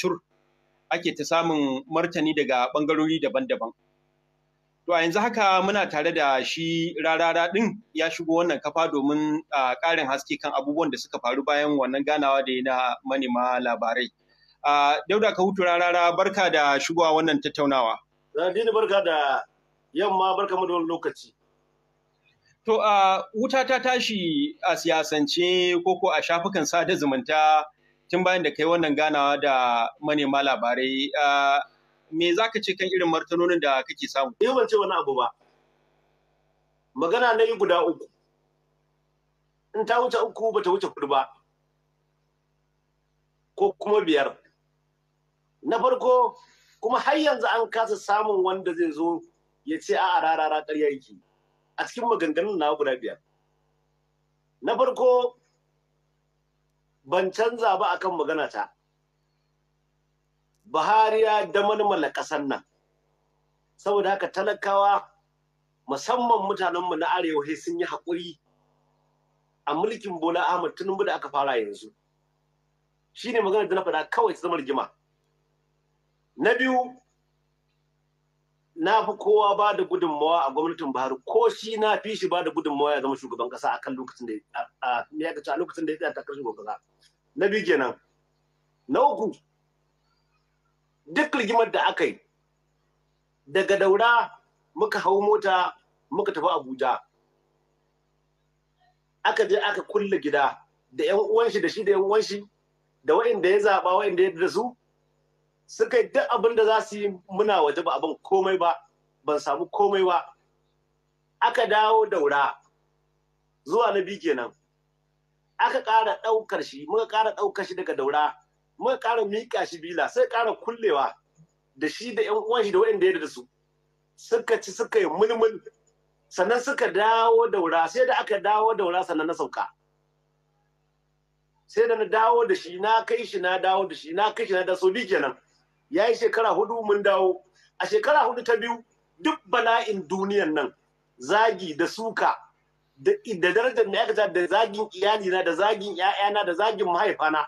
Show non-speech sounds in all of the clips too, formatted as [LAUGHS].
cur ake ta samun martani daga ɓangarori daban-daban. To a yanzu haka muna tare da shi rarara ɗin ya shigo wannan kafa domin ƙarin haske kan abubuwan da suka faru bayan wannan ganawa da na manema labarai. Dauda ka hutu rarara barka da shigowa wannan tattaunawa. Radini barka da yamma barka mu da wani lokaci. To a wuta ta tashi a siyasance ko ko a shafukan sada zumunta tun bayan da kai wannan ganawa da manema labarai me za ka ce kan irin martanonin da kake samu? Ni eh, ban ce wani abu ba. Magana na yi guda uku. In ta wuce uku ba ta wuce kudu ba. Ko kuma biyar. Na farko kuma har yanzu an kasa samun wanda zai zo ya ce a rarara ƙarya yake. A cikin maganganun na guda biyar. Na farko ban canza ba akan magana ta Buhari ya damalmala ƙasar nan saboda haka talakawa musamman mutanenmu na arewa sun yi haƙuri a mulkin bola ahmad tun da aka fara yanzu Shi ne magana da na faɗa kawai ta zama rigima na biyu na fi kowa ba da gudunmawa a gwamnatin Buhari ko shi na fi shi ba da gudunmawa ya zama shugaban kasa kan lokacin da a me a lokacin da ya tsaya takar shugaban kasa na biyu kenan na uku duk rigimar da aka yi daga daura muka hau mota muka tafi Abuja aka je aka kulle gida da yan uwan shi da shi da yan uwan da waɗanda ya zaba waɗanda ya da su suka duk abin da za su yi muna waje ba abin komai ba ban samu komai ba aka dawo daura zuwa na biyu kenan aka ƙara ɗaukar shi muka ƙara ɗaukar shi daga daura muka ƙara miƙa shi bila sai ƙara kullewa da shi da ƴan uwan shi da waɗanda ya da su suka ci suka yi mulmul sannan suka dawo daura sai da aka dawo daura sannan na sauka sai da na dawo da shi na kai shi na dawo da shi na kai shi na da so kenan ya yi shekara hudu mun dawo a shekara hudu ta biyu duk bala'in duniyan nan zagi da suka da darajar mai aikata da zagin iyalina da zagin ‘ya'yana da zagin mahaifana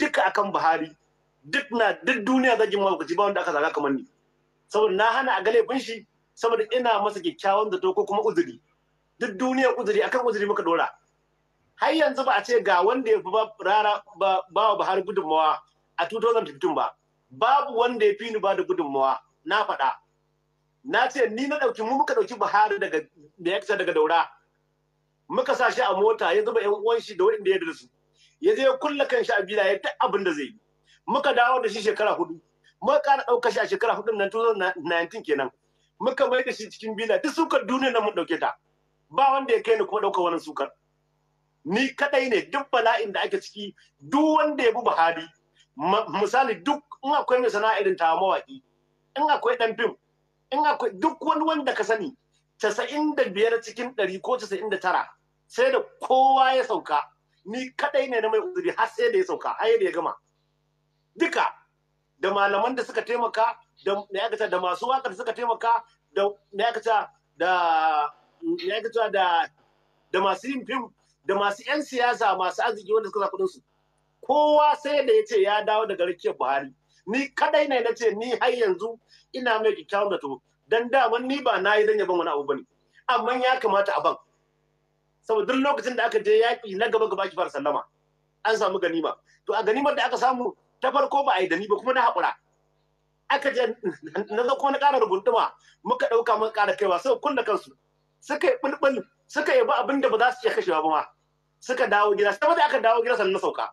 duka akan buhari duk na duk duniya zagin mahaukaci ba wanda aka zaga kamar ni saboda na hana a bin shi saboda ina masa kyakkyawan zato ko kuma uzuri duk duniyar uzuri akan uzuri muka dora har yanzu ba a ce ga wanda ya fi ba rara ba wa buhari gudunmawa a 2015 ba babu wanda ya fi ni ba da gudunmawa na faɗa na ce ni na ɗauki mu muka ɗauki buhari daga da ya daga daura muka sa shi a mota ya zuba yan uwan shi da waɗanda ya da ya je ya kulla kan shi a bila ya ta abin da zai yi muka dawo da shi shekara hudu muka ƙara ɗauka shi a shekara hudu nan 2019 kenan muka mai da shi cikin bila duk sukar duniya na mun ɗauke ta ba wanda ya kai ni kuma ɗaukar wani sukar ni kaɗai ne duk bala'in da ake ciki duk wanda ya bi buhari misali duk in akwai mai sana'a irin ta mawaki in akwai dan fim in akwai duk wani wanda ka sani casa'in da biyar cikin 100 ko casa'in da tara sai da kowa ya sauka ni kadai ne na mai uzuri har sai da ya sauka har da ya gama duka da malaman da suka taimaka da na da masu waƙar suka taimaka da na da na da da masu yin fim da masu 'yan siyasa masu arziki wanda suka sa kudin su kowa sai da ya ce ya dawo daga rikiyar buhari ni kadai ne na ce ni har yanzu ina mai kyakkyawan zato don daman ni ba na yi zan yaban wani abu bane amma ya kamata a ban saboda duk lokacin da aka je yaƙi na gaba gaba ki fara sallama an samu ganima to a ganimar da aka samu ta farko ba a yi da ni ba kuma na haƙura aka je na zo ko na ƙara rubunduma muka ɗauka muka ƙara kaiwa sai kunna kansu suka yi ɓulɓul suka yi ba abin da ba za su iya kashewa ba ma suka dawo gida sai da aka dawo gida sannan na sauka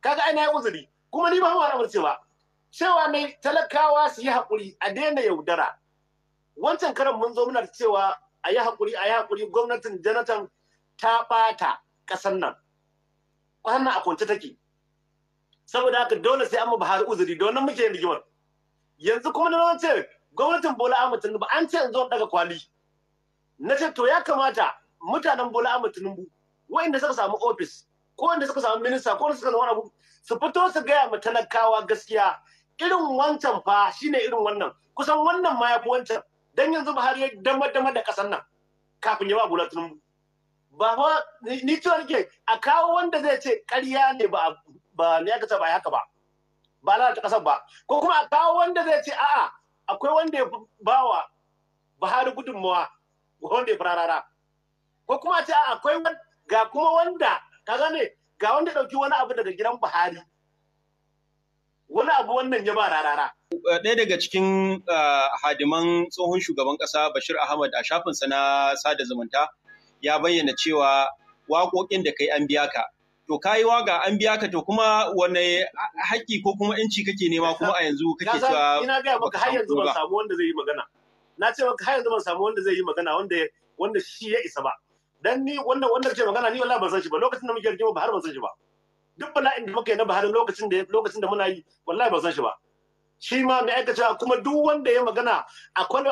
kaga ai yi uzuri kuma ni ba mu haramar cewa cewa ne talakawa su yi hakuri a daina yaudara wancan karan mun zo muna cewa a yi hakuri a yi hakuri gwamnatin janatan ta bata kasar nan Kwanan a kwance take saboda haka dole sai an mu bahar uzuri don nan muke yin rigimar yanzu kuma na ce gwamnatin Bola Ahmed ba an ce yanzu daga kwali na ce to ya kamata mutanen Bola Ahmed Tinubu waɗanda suka samu ofis ko wanda suka samu minista ko wanda suka zama abu su fito su gaya ma talakawa gaskiya irin wancan fa shine irin wannan kusan wannan ma yafi wancan dan yanzu Buhari ya dama dama da kasan nan kafin ya ba Bola Tinubu ba ba ni cewa ke a kawo wanda zai ce ƙarya ne ba ba ne aka ce ba haka ba ba lalata kasar ba ko kuma a kawo wanda zai ce a'a akwai wanda ya bawa Buhari gudunmawa wanda ya fararara ko kuma a ce akwai ga kuma wanda ka gane ga wanda dauki wani abu daga gidan Buhari wani abu wannan ya ba rarara ɗaya daga cikin hadiman tsohon shugaban ƙasa Bashir Ahmad a shafinsa na sada zumunta ya bayyana cewa waƙoƙin da kai an biya ka to kayi waga an biya ka to kuma wane haƙƙi ko kuma yanci kake nema kuma a yanzu kake cewa ina ga maka har yanzu ban samu wanda zai yi magana na ce maka har yanzu ban samu wanda zai yi magana wanda wanda shi ya isa ba dan ni wannan wanda ce magana ni wallahi ban san shi ba lokacin da muke rigima ba har ban san shi ba duk ba na muka na bahar lokacin da lokacin da muna yi wallahi ban san shi ba shi ma mai aikata kuma duk wanda ya magana a kwano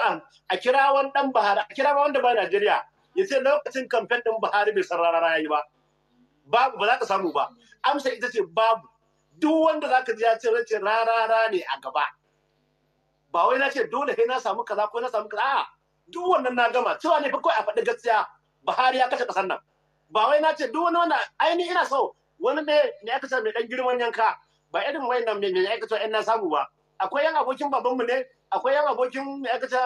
a kira wani dan bahar a kira wanda ba Najeriya ya ce lokacin kamfen din bahar bai san rarara yayi ba babu ba za ka samu ba amsa ita ce babu duk wanda za ka ji ya ce race rarara ne a gaba ba wai na ce dole sai na samu kaza ko na samu kaza a'a duk wannan na gama cewa ne fa kawai a faɗi gaskiya Buhari ya kashe kasar nan ba wai na ce duk wani wanda aini ina so wani ne ne aka ce mai dan girman yanka ba irin nan mai mai aka ce ina samu ba akwai yan abokin babanmu ne akwai yan abokin mai aka ce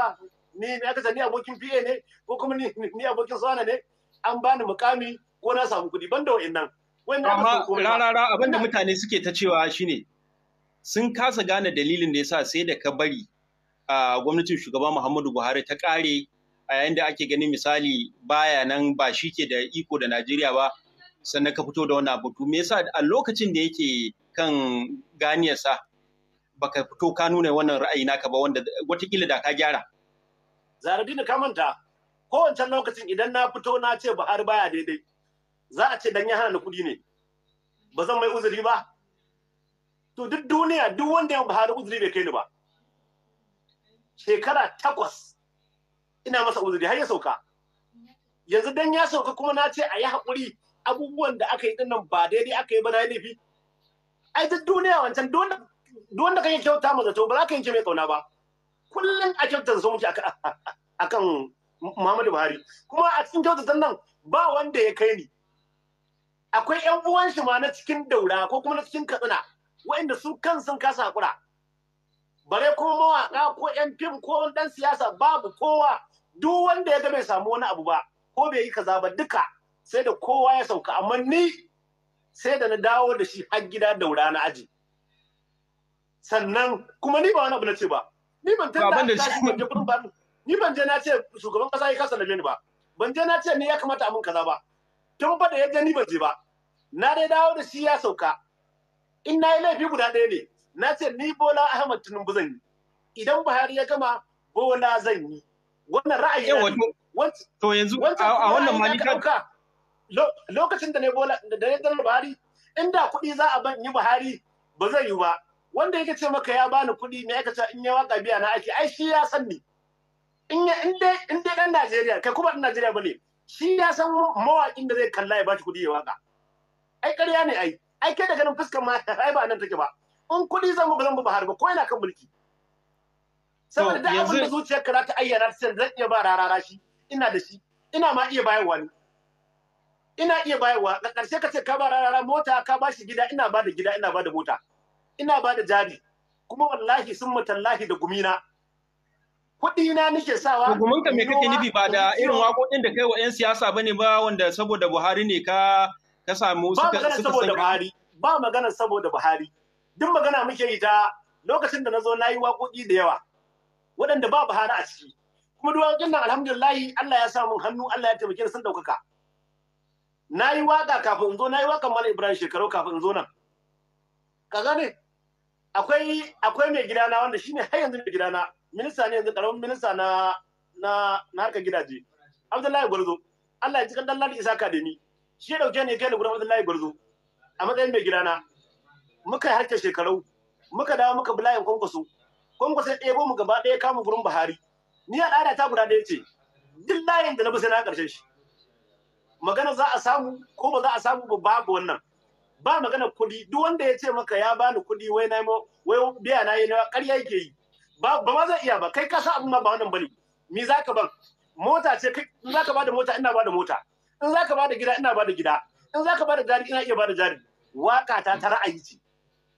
ni mai aka ce ni abokin PA ne ko kuma ni ni abokin sana ne an bani mukami ko na samu kuɗi banda wayannan wayannan amma rarara abinda mutane suke ta cewa shine sun kasa gane dalilin da yasa sai da ka bari a ah, gwamnatin shugaba Muhammadu Buhari ta kare a yayin da ake ganin misali baya nan ba shi ke da iko da Najeriya ba sannan ka fito da wannan abu to me yasa a lokacin da yake kan ganiyarsa baka fito ka nuna wannan ra'ayi naka ba wanda watakila da ka gyara Zaradina ka manta kowancan lokacin idan na fito na ce Buhari baya daidai za a ce dan ya hana kuɗi ne ba zan mai uzuri ba to duk duniya duk wanda ya Buhari uzuri bai kai ni ba shekara takwas ina masa uzuri har ya sauka yanzu dan ya sauka kuma na ce a yi haƙuri abubuwan da aka yi nan ba daidai aka yi ba na yi laifi ai duk duniya wancan duk wanda kake kyauta mu zato ba za ka yanke mai kauna ba kullum a kyautar so muke akan Muhammadu Buhari kuma a cikin kyautar nan ba wanda ya kai ni akwai yan uwan shi ma na cikin daura ko kuma na cikin katsina waɗanda su kan sun kasa haƙura. bare ko mawaka ko yan fim ko dan siyasa babu kowa duk wanda ya ga bai samu wani abu ba ko bai yi kaza ba duka sai da kowa ya sauka amma ni sai da na dawo da shi har gida daura na aji sannan kuma ni ba wani abu na ce ba ni ban ta da shi ba ni ban je na ce shugaban kasa ya kasa da ni ba ban je na ce ni ya kamata a kaza ba tun ba da ya je ni ban je ba na dai dawo da shi ya sauka in na yi laifi guda ɗaya ne na ce ni bola ahmad tinubu zan yi idan buhari ya gama bola zan yi wannan ra'ayi to yanzu a wannan ma ka lokacin da ne bola da ne dan Buhari inda kuɗi za a ban yi Buhari ba zai yi ba wanda yake ce maka ya bani kuɗi ne yake ce in ya waka biya na aiki, ai shi ya san ni in ya in dai in dai dan Najeriya kai kuma dan Najeriya bane shi ya san mawaƙin da zai kalla ya bashi kuɗi ya waka ai ƙarya ne ai ai kai da ganin fuskar ma ai ba nan take ba in kuɗi zan ba zan bi Buhari ba ko yana kan mulki saboda da abin da zuciyarka za ta ayyana ta zan iya ba rarara shi ina da shi ina ma iya bayarwa ne ina iya bayarwa a ƙarshe ka ce ka ba rarara mota ka ba shi gida ina ba da gida ina ba da mota ina ba da jari kuma wallahi sun mutallahi da gumina kuɗi na nake sawa gumin ka me kake nufi ba da irin waƙoƙin da kai wa 'yan siyasa bane ba wanda saboda Buhari ne ka ka samu suka ba magana saboda Buhari ba magana saboda Buhari duk magana muke yi ta lokacin da na zo na yi waƙoƙi da yawa waɗanda ba hana a ciki kuma duwakin nan alhamdulillahi Allah ya sa hannu Allah ya taimake ni sun ɗaukaka na yi waƙa kafin in zo na yi waƙa mala ibrahim shekaru kafin in zo nan ka gane akwai akwai mai gidana wanda shine har yanzu mai gidana minista ne yanzu ƙaramin minista na na na harkar gidaje abdullahi gwarzo Allah ya ji kan dallali isa kademi shi ya dauke ne kai ni gudan abdullahi gwarzo a matsayin mai gidana muka yi harkar shekaru muka dawo muka bi layin kwankwaso kwanku sai ɗebo mu gaba ɗaya kama gurin buhari ni al'ada ta guda ɗaya ce duk layin da na sai na ƙarshen shi magana za a samu ko ba za a samu ba babu wannan ba magana kuɗi duk wanda ya ce maka ya bani kuɗi wai na wai biya na yi na ƙarya yake yi ba ba ma zan iya ba kai ka sa abin ma ba wannan bane me ka ban mota ce kai in ba bada mota ina bada mota in za ba bada gida ina bada gida in za ba bada jari ina iya bada jari waka ta ta ra'ayi ce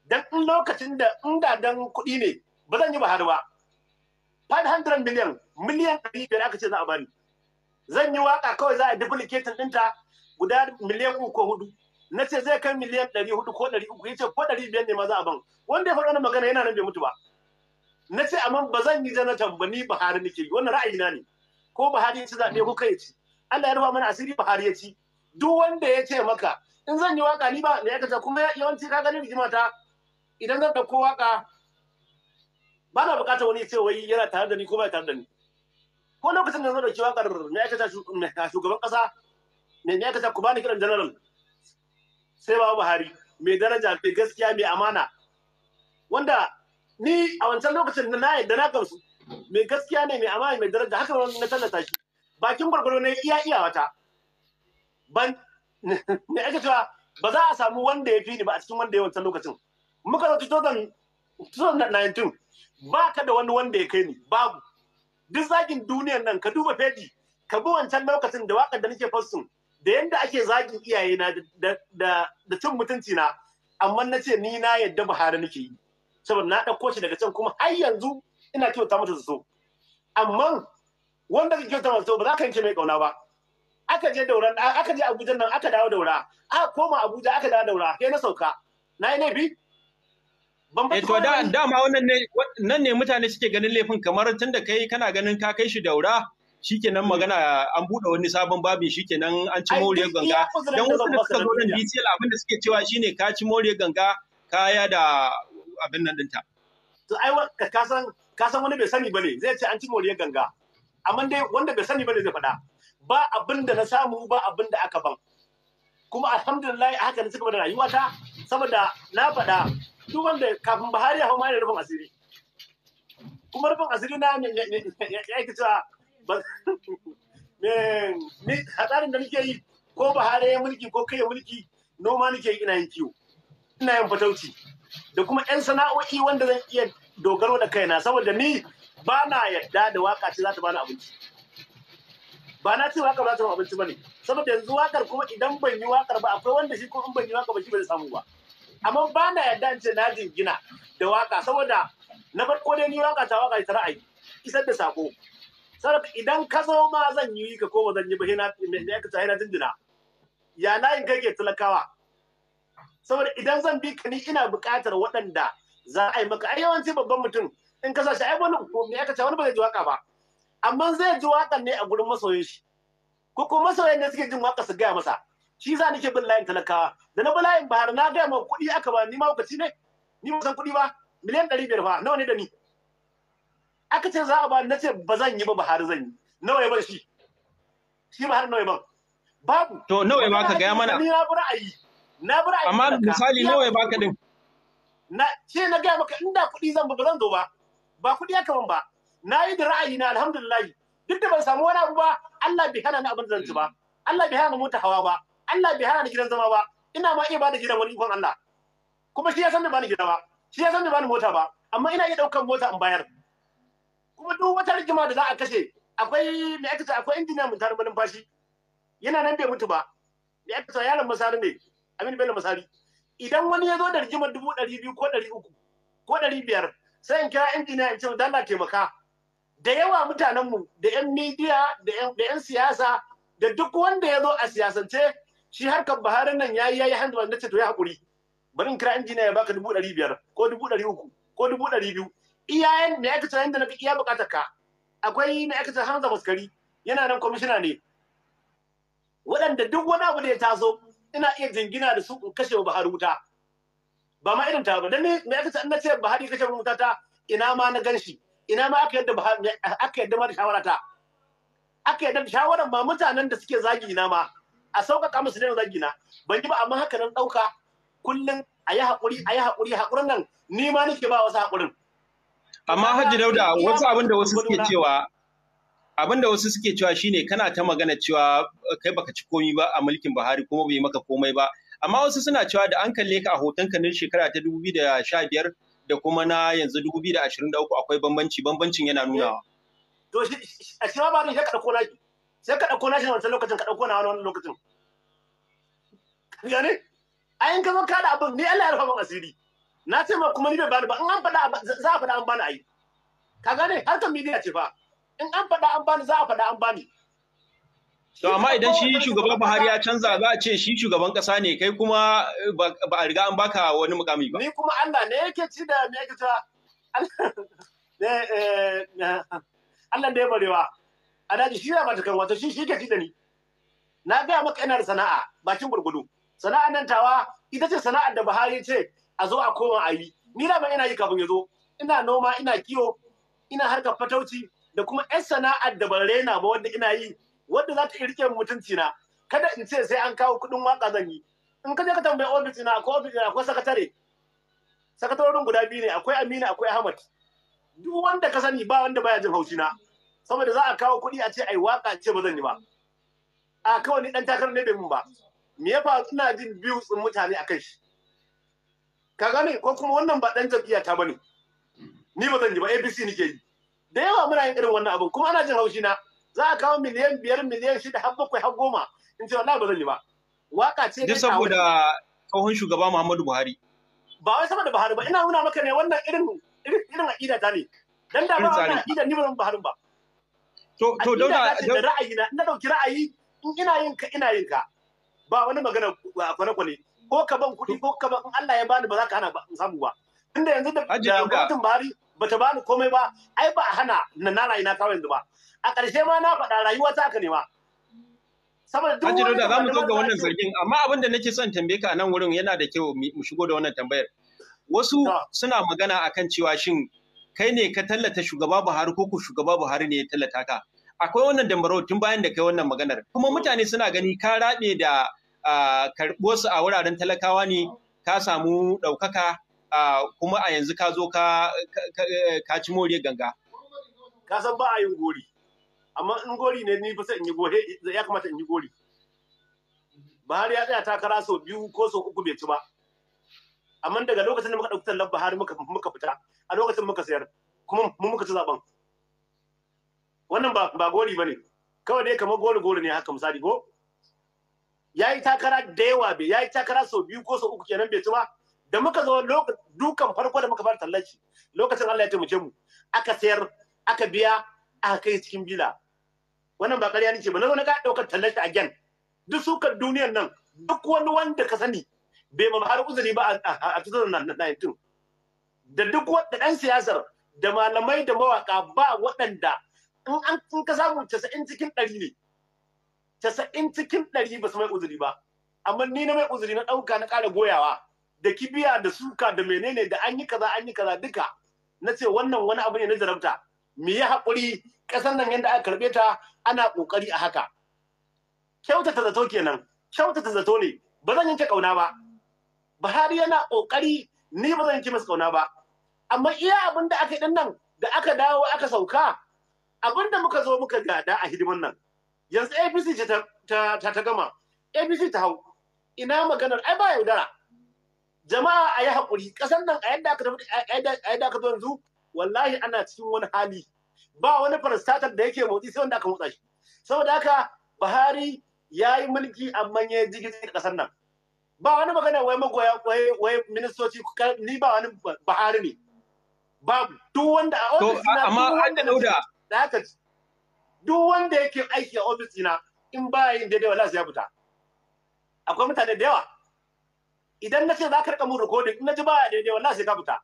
dan in lokacin da in da dan kuɗi ne ba zan yi har ba 500 million miliyan 500 aka ce za a bani zan yi waka kawai za a duplicating ɗinta guda miliyan uku ko hudu na ce zai kai miliyan ɗari ko ɗari uku ya ce ko ɗari biyar ne ma za a ban wanda ya faɗa magana yana nan bai mutu ba na ce amma ba zan yi janatan ba ni Buhari nake wannan na ne ko Buhari ya ci zaɓe ko kai ci Allah ya rufa mana asiri Buhari ya ci duk wanda ya ce maka in zan yi waka ni ba ne ya kuma yawanci ka ganin rigima ta idan zan ɗauko waka ba na bukatar wani ce wai yana tare da ni ko ba tare da ni ko lokacin da da dauki wakar me aikata shugaban kasa me mai aikata ku bani kiran general sai ba Buhari mai daraja mai gaskiya mai amana wanda ni a wancan lokacin na da na gamsu mai gaskiya ne mai amana mai daraja haka na tallata shi bakin gwargwaro ne iya iya wata ban me aka cewa ba za a samu wanda ya fi ni ba a cikin wanda ya wancan lokacin muka zo 2019 ba ka da wani wanda ya kai ni babu duk zagin duniyar nan ka duba fedi ka bi wancan lokacin da waka da nake fassun da yanda ake zagin iyaye na da cin mutunci na amma na ce ni na yadda Buhari nake yi saboda na ɗauko shi daga can kuma har yanzu ina kyauta mata so amma wanda ka kyauta mata so ba za ka yanke mai kauna ba aka je daura aka je Abuja nan aka dawo daura aka koma Abuja aka dawo daura sai na sauka na yi laifi Eh, to da dama wannan ne nan ne mutane suke ganin laifin kamar tunda kai kana ganin ka kai shi daura shikenan hmm. magana an bude wani sabon babi shikenan an ci moriyar ganga dan wasu da suka zo nan DCL abin da suke cewa shine ka ci moriyar ganga kaya da abin nan dinta to ai ka san ka san wani bai sani bane zai ce an ci moriyar ganga amma dai wanda bai sani bane zai faɗa ba abin da na samu ba abin da aka ban kuma alhamdulillah haka ne suka bada rayuwata saboda na faɗa duk wanda kafin Buhari ya hau ma ne rufin asiri kuma rufin asiri na ya aiki cewa [LAUGHS] me hatsarin da nake yi ko Buhari ya mulki ko kai ya mulki noma nake yi ina yin kiwo ina yin fatauci da kuma 'yan sana'o'i wanda zan iya dogaro da kaina saboda ni ba na yadda da waka ce za ta bani abinci ba na ce waka ba ta abinci ba ne saboda yanzu wakar kuma idan ban yi wakar ba akwai wanda shi kuma in ban yi waka ba shi ba zai samu ba amma ba na yarda ce na jingina da waka saboda na farko dai ni waka ta waka ta ra'ayi isar da sako saboda idan ka zo ma zan yi ka ko zan yi ba hina me ka ta hina jinjina ya na yin kake talakawa saboda idan zan bi ka ni ina buƙatar waɗanda za a yi maka ai yawanci babban mutum in ka sa shi ai wani ko me ka ce wani ba zai ji waka ba amma zai ji wakan ne a gurin masoyin shi ko kuma masoyan ne suke jin waka su gaya masa shi ni nake bin layin talakawa da na bi layin bahar na gaya ma kuɗi aka ba ni ma lokaci ne ni ba san kuɗi ba miliyan ɗari biyar ba nawa ne da ni aka ce za a ba na ce ba zan yi ba bahar zan yi nawa ya ban shi shi bahar nawa ya ban babu to nawa ya baka gaya mana ni na bi ra'ayi na bi ra'ayi amma misali nawa ya baka din na ce na gaya maka inda kuɗi zan ba ba zan zo ba ba kuɗi aka ban ba na yi da ra'ayi na alhamdulillah duk da ban samu wani abu ba Allah bai hana ni abin zan ci ba Allah bai hana mota hawa ba Allah bai hana ni gidan zama ba ina ma iya bada gidan wani ikon Allah kuma shi ya san bai bani gida ba shi ya san bai bani mota ba amma ina iya daukan mota in bayar kuma duk wata rigima da za a kashe akwai me aka ce akwai injiniya mun tarin balin fashi yana nan bai mutu ba me aka ce yaron masari ne amin Bello masari idan wani ya zo da rigimar dubu ɗari biyu ko ɗari uku ko ɗari biyar sai in kira injiniya in ce dala taimaka da yawa mutanenmu da 'yan midiya da 'yan siyasa da duk wanda ya zo a siyasance shi harkar baharin nan ya yi yayi yayi handball ce to ya haƙuri. bari in kira injiniya ya baka dubu ɗari biyar ko dubu ɗari uku ko dubu ɗari biyu iyayen mai aikata yadda na fi iya buƙatar ka akwai me aka Hamza maskari yana nan kwamishina ne waɗanda duk wani abu da ya taso ina iya jingina da su in kashe wa Buhari wuta ba ma irin ta ba dan me aka na ce Buhari kashe wuta ta ina ma na ganshi ina ma aka yadda aka yadda ma da shawara ta aka yadda shawaran ma mutanen da suke zagi ina ma a sauƙaƙa musu da ragina, ban ji ba amma haka nan ɗauka kullum a yi haƙuri a yi haƙuri haƙurin nan ni ma nake ba wasu haƙurin. amma hajji dauda wasu abin da wasu suke cewa abin da wasu suke cewa shine kana ta magana cewa kai baka ci komi ba a mulkin buhari kuma bai maka komai ba amma wasu suna cewa da an kalle ka a hoton ka na shekara ta 2015 da kuma na yanzu 2023 akwai bambanci bambancin yana nunawa to shi a shi ba ni shekara ko naki sai ka ɗauko nashi wancan lokacin ka ɗauko na wani lokacin gane a yin zo ka da abin ni Allah ya rufa min asiri na ce ma kuma ni bai bani ba in an faɗa za a faɗa an bani ayi ka gane harkar midiya ce fa in an faɗa an bani za a faɗa an bani To amma idan shi shugaban Buhari ya canza za a ce shi shugaban kasa ne kai kuma eh, ba a riga an baka wani mukami ba. Ni kuma Allah ne yake ci da me yake ta [LAUGHS] eh, eh, Allah ne barewa. a daji shi ya bata kan shi shi ke ci da ni na gaya maka ina da sana'a bakin gurgudu sana'a nan tawa ita ce sana'ar da Buhari ce a zo a koma a yi ni da ina yi kafin ya zo ina noma ina kiwo ina harkar fatauci da kuma yan sana'ar da ban rena ba wanda ina yi wanda za ta iya rike mutunci na kada in ce sai an kawo kuɗin waka zan yi in ka je ka tambayi ofis na akwai ofis na akwai sakatare sakatarorin guda biyu ne akwai Amina akwai Ahmad duk wanda ka sani ba wanda baya jin haushi na saboda za a kawo kuɗi a ce ai waka ce ba zan yi ba a kawai ni dan takarar ne bai mun ba me ya faru ina jin biyu tsin mutane akan shi ka gane ko kuma wannan ba dan jam'iyya ta bane ni ba zan yi ba abc nike yi da yawa muna yin irin wannan abin kuma ana jin haushi na za a kawo miliyan biyar miliyan shida har bakwai har goma in ce wallahi ba zan yi ba waka ce ne saboda tsohon shugaba Muhammadu Buhari ba wai saboda Buhari ba ina nuna maka ne wannan irin irin aqida ta ne dan da ba wannan aqida ni ba zan Buhari ba To to da ra'ayi na na dauki ra'ayi in ina yin ka ina yin ka ba wani magana kwane kwane ko ka ban kuɗi ko ka ban Allah ya bani ba za ka hana ba samu ba inda yanzu da gwamnatin ba ta bani komai ba ai ba hana na na rayu na kawai yanzu ba a ƙarshe ma na faɗa rayuwa ta ka nema saboda duk wani da zamu zo ga wannan zargin amma abin da nake son tambaye ka a nan wurin yana da kyau mu shigo da wannan tambayar wasu suna magana akan cewa shin kai ne ka tallata shugaba Buhari ko ku shugaba Buhari ne ya tallata ka akwai wannan dambaro tun bayan da kai wannan maganar kuma mutane suna gani ka rabe da karɓosu a wuraren talakawa ne ka samu ɗaukaka kuma a yanzu ka zo ka ci more ganga ka san ba a yin gori amma in gori ne ni fa sai in yi gori ya kamata in yi gori Buhari ya tsaya takara sau biyu ko sau uku bai ci ba amma daga lokacin da muka ɗauki tallar Buhari muka fita a lokacin muka sayar kuma mun muka ci zaben wannan ba ba gori bane kawai dai kamar gori gori ne haka misali ko yayi takara da yawa bai yayi takara sau biyu ko sau uku kenan bai ci ba da muka zo dukan farko da muka fara tallaci lokacin Allah ya taimake mu aka sayar aka biya aka kai cikin bila wannan ba ƙarya ce ba na zo na ka daukar tallaci a gen duk sukar duniyar nan duk wani wanda ka sani bai ma har uzuri ba a 2019 da duk wanda ɗan siyasar da malamai da mawaka ba waɗanda in an in ka samu casa'in cikin ɗari ne casa'in cikin ɗari ba su mai uzuri ba amma ni na mai uzuri na ɗauka na ƙara goyawa da kibiya da suka da menene da an yi kaza an yi kaza duka na ce wannan wani abu ne na jarabta mu yi haƙuri ƙasar nan yadda aka karɓe ta ana ƙoƙari a haka kyautata zato kenan kyautata zato ne ba zan yanke ƙauna ba Buhari yana ƙoƙari ni ba zan yanke masa ƙauna ba amma iya abin da aka yi nan da aka dawo aka sauka abin da muka zo muka gada a hidiman nan yanzu apc ce ta, gama apc ta hau ina maganar ai ba yaudara jama'a a yi haƙuri ƙasar nan a yadda aka tafi yanzu wallahi ana cikin wani hali ba wani farastatar da yake motsi sai wanda aka motsa shi saboda haka buhari ya yi mulki amma ya yi ƙasar nan ba wani magana wai magoya wai ministoci ni ba wani buhari ne babu duk wanda a ofis na amma wanda dauda da haka duk wanda yake aiki a ofis na in ba yin daidai wala sai ya fita akwai mutane da yawa idan na ce za ka rika mun recording in na ji ba daidai wala sai ka fita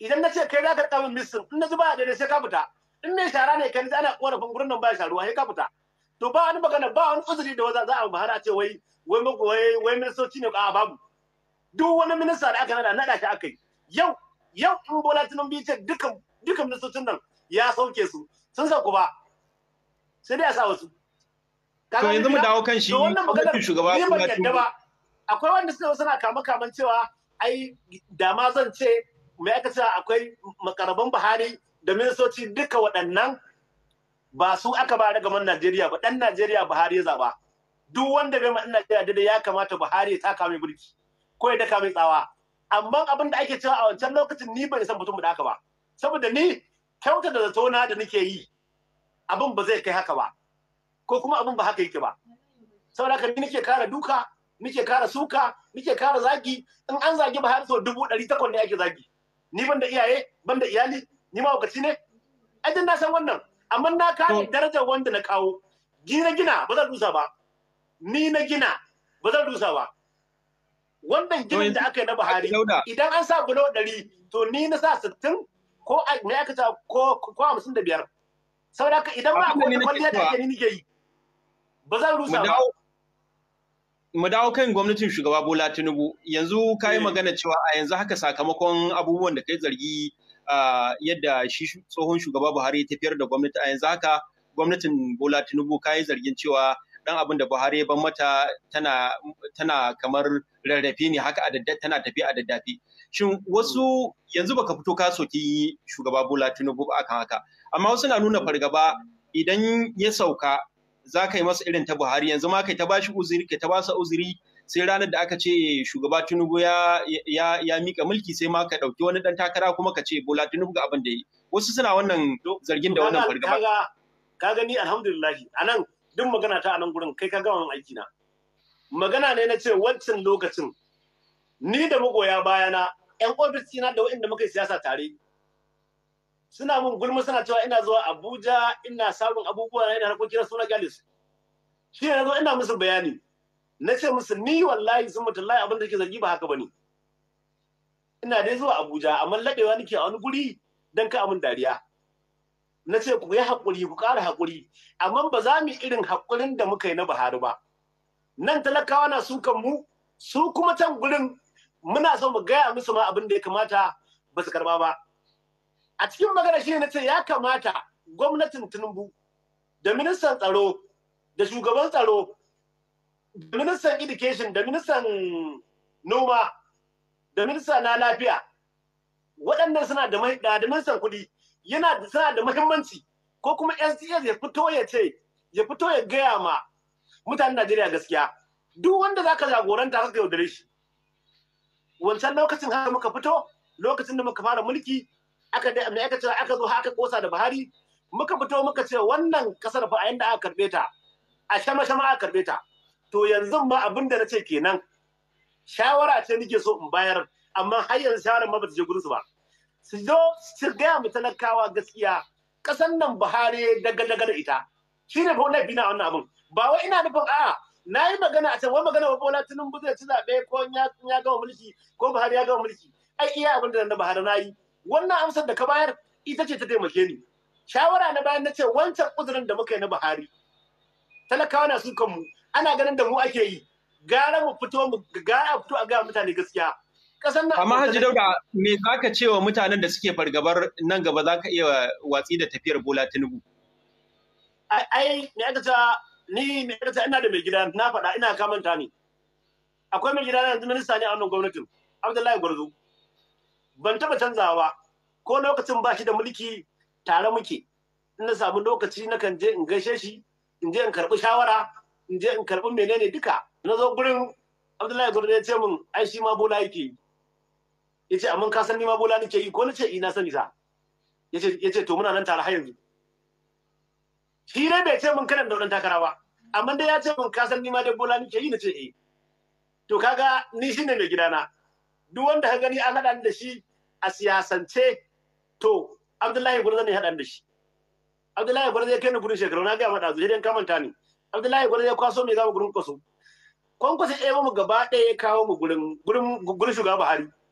idan na ce kai za ka rika mun missin in na ji ba daidai sai ka fita in mai shara ne kai ana korafin gurin nan ba ya sharuwa sai ka fita to ba wani magana ba wani uzuri da waza za a a ce wai wai wai wai ministoci ne ba babu duk wani minista da aka nada nada shi aka yi yau yau in bola tunan biyu ce dukkan dukan ministocin nan ya sauke su sun sauku ba sai dai ya sa wasu to yanzu mu dawo kan shi wannan shugaba ni ban yadda ba akwai wanda suka suna kama kaman cewa ai da ma zan ce mai aka cewa akwai makaraban Buhari da ministoci duka waɗannan ba su aka ba man Najeriya ba ɗan Najeriya Buhari ya zaba duk wanda bai ma Najeriya da ya kamata Buhari ya taka mai burki ko ya daka mai tsawa amma abin da ake cewa a wancan lokacin ni ban san mutum da haka ba saboda ni kyauta da zato na da nake yi abin ba zai kai haka ba ko kuma abin ba haka yake ba saboda haka ni nake kara duka nake kara suka nake kara zagi in an zagi ba har so dubu ɗari takwas ne ake zagi ni ban da iyaye ban da iyali ni ma wakaci ne ajin na san wannan amma na kare darajar wanda na kawo gina gina ba zan dusa ba ni na gina ba zan dusa ba wannan ginin da aka yi na Buhari idan an sa bulo ɗari to ni na sa sittin ko me aka ta ko hamsin da biyar saboda ka idan ba akwai kwalliya da ake ni yi ba zan rusa ba. Mu dawo kan gwamnatin shugaba Bola Tinubu yanzu ka yi eh. magana cewa a yanzu haka sakamakon abubuwan da kai zargi yadda shi tsohon shugaba Buhari ya tafiyar da gwamnati a yanzu haka gwamnatin Bola Tinubu ka yi zargin cewa dan abin da Buhari ya ban mata tana tana kamar rarrafi ne haka tana tafi a daddafi shin wasu yanzu baka fito ka soki shugaba Bola Tinubu ba akan haka amma wasu na nuna fargaba idan ya sauka za ka yi masa irin ta Buhari yanzu ma kai ta bashi uzuri kai ta basa uzuri sai ranar da aka ce shugaba Tinubu ya ya ya mika mulki sai ma ka dauki wani dan takara kuma ka ce Bola Tinubu ga abin da yi wasu suna wannan zargin da wannan fargaba kaga ni alhamdulillah anan duk magana ta a nan gurin kai ka gama aiki na magana ne na ce wancan lokacin ni da magoya bayana yan ofis na da waɗanda muka yi siyasa tare suna mun gulma suna cewa ina zuwa Abuja ina samun abubuwa na ina harkokin na suna galis shi ne ina musu bayani na ce musu ni wallahi sun mutullahi abin da ke zargi ba haka bane ina dai zuwa Abuja amma ladewa nake a wani guri dan ka amin dariya na ce ku yi haƙuri ku ƙara haƙuri amma ba za mu irin haƙurin da muka yi na Buhari ba nan talakawa na sukan mu su kuma can gurin muna so mu gaya musu ma abin da ya kamata ba su karba ba a cikin magana shi na ce ya kamata gwamnatin Tinubu da ministan tsaro da shugaban tsaro da ministan education da ministan noma da ministan na lafiya waɗannan suna da ministan kuɗi yana da tana da muhimmanci ko kuma SDS ya fito ya ce ya fito ya gaya ma mutanen Najeriya gaskiya duk wanda zaka jagoranta haka yaudare shi wancan lokacin haka muka fito lokacin da muka fara mulki aka da amma aka ce aka zo haka kosa da Buhari muka fito muka ce wannan kasar fa a aka karbe ta a shama shama aka karbe ta to yanzu ma abin da nace kenan shawara ce nake so in bayar amma har yanzu shawarar ma bata je gurinsu ba su zo su gaya mu talakawa gaskiya Kasan nan buhari daga daga da ita shi ne fa laifi na wannan abin ba wai ina nufin a'a na yi magana a can wai magana wa bola tunin zai ci zaɓe ko ya gama mulki ko buhari ya gama mulki ai iya abin da na buhari na yi wannan amsar da ka bayar ita ce ta taimake ni shawara na bayan na ce wancan uzurin da muka yi na buhari talakawa na sukan mu ana ganin da mu ake yi gara mu fito mu gara a fito a ga mutane gaskiya kasan amma Haji Dauda me zaka ce wa mutanen da suke fargabar nan gaba zaka iya watsi da tafiyar Bola Tinubu ai me aka ta ni me aka ta ina da mai gida na faɗa ina kamanta ne akwai mai gida yanzu minista ne a wannan gwamnatin Abdullahi Gwarzo ban taɓa canzawa ko lokacin ba shi da mulki tare muke ina samu lokaci na kan je in gaishe shi in je in karɓi shawara in je in karɓi menene duka na zo gurin abdullahi gwarzo ya ce min ai shi ma bola yake yace amma ka san ni ma bola nake yi ko ce ina eh, sani sa yace ce to muna nan tare har yanzu shi dai bai ce mun karan da takara ba amma dai ya ce mun ka san ni ma dai bola nake yi ce eh to kaga ni shi ne mai gidana duk wanda ka gani an haɗa da shi a siyasance to Abdullahi Gwarza ne haɗa da shi Abdullahi Gwarza ya kai ni gurin shekaru na ga ma zuwa idan ka manta ni Abdullahi Gwarza ya kwaso mai mu gurin kwaso kwankwasa ɗaya mu gaba ɗaya ya kawo mu gurin shugaba hari.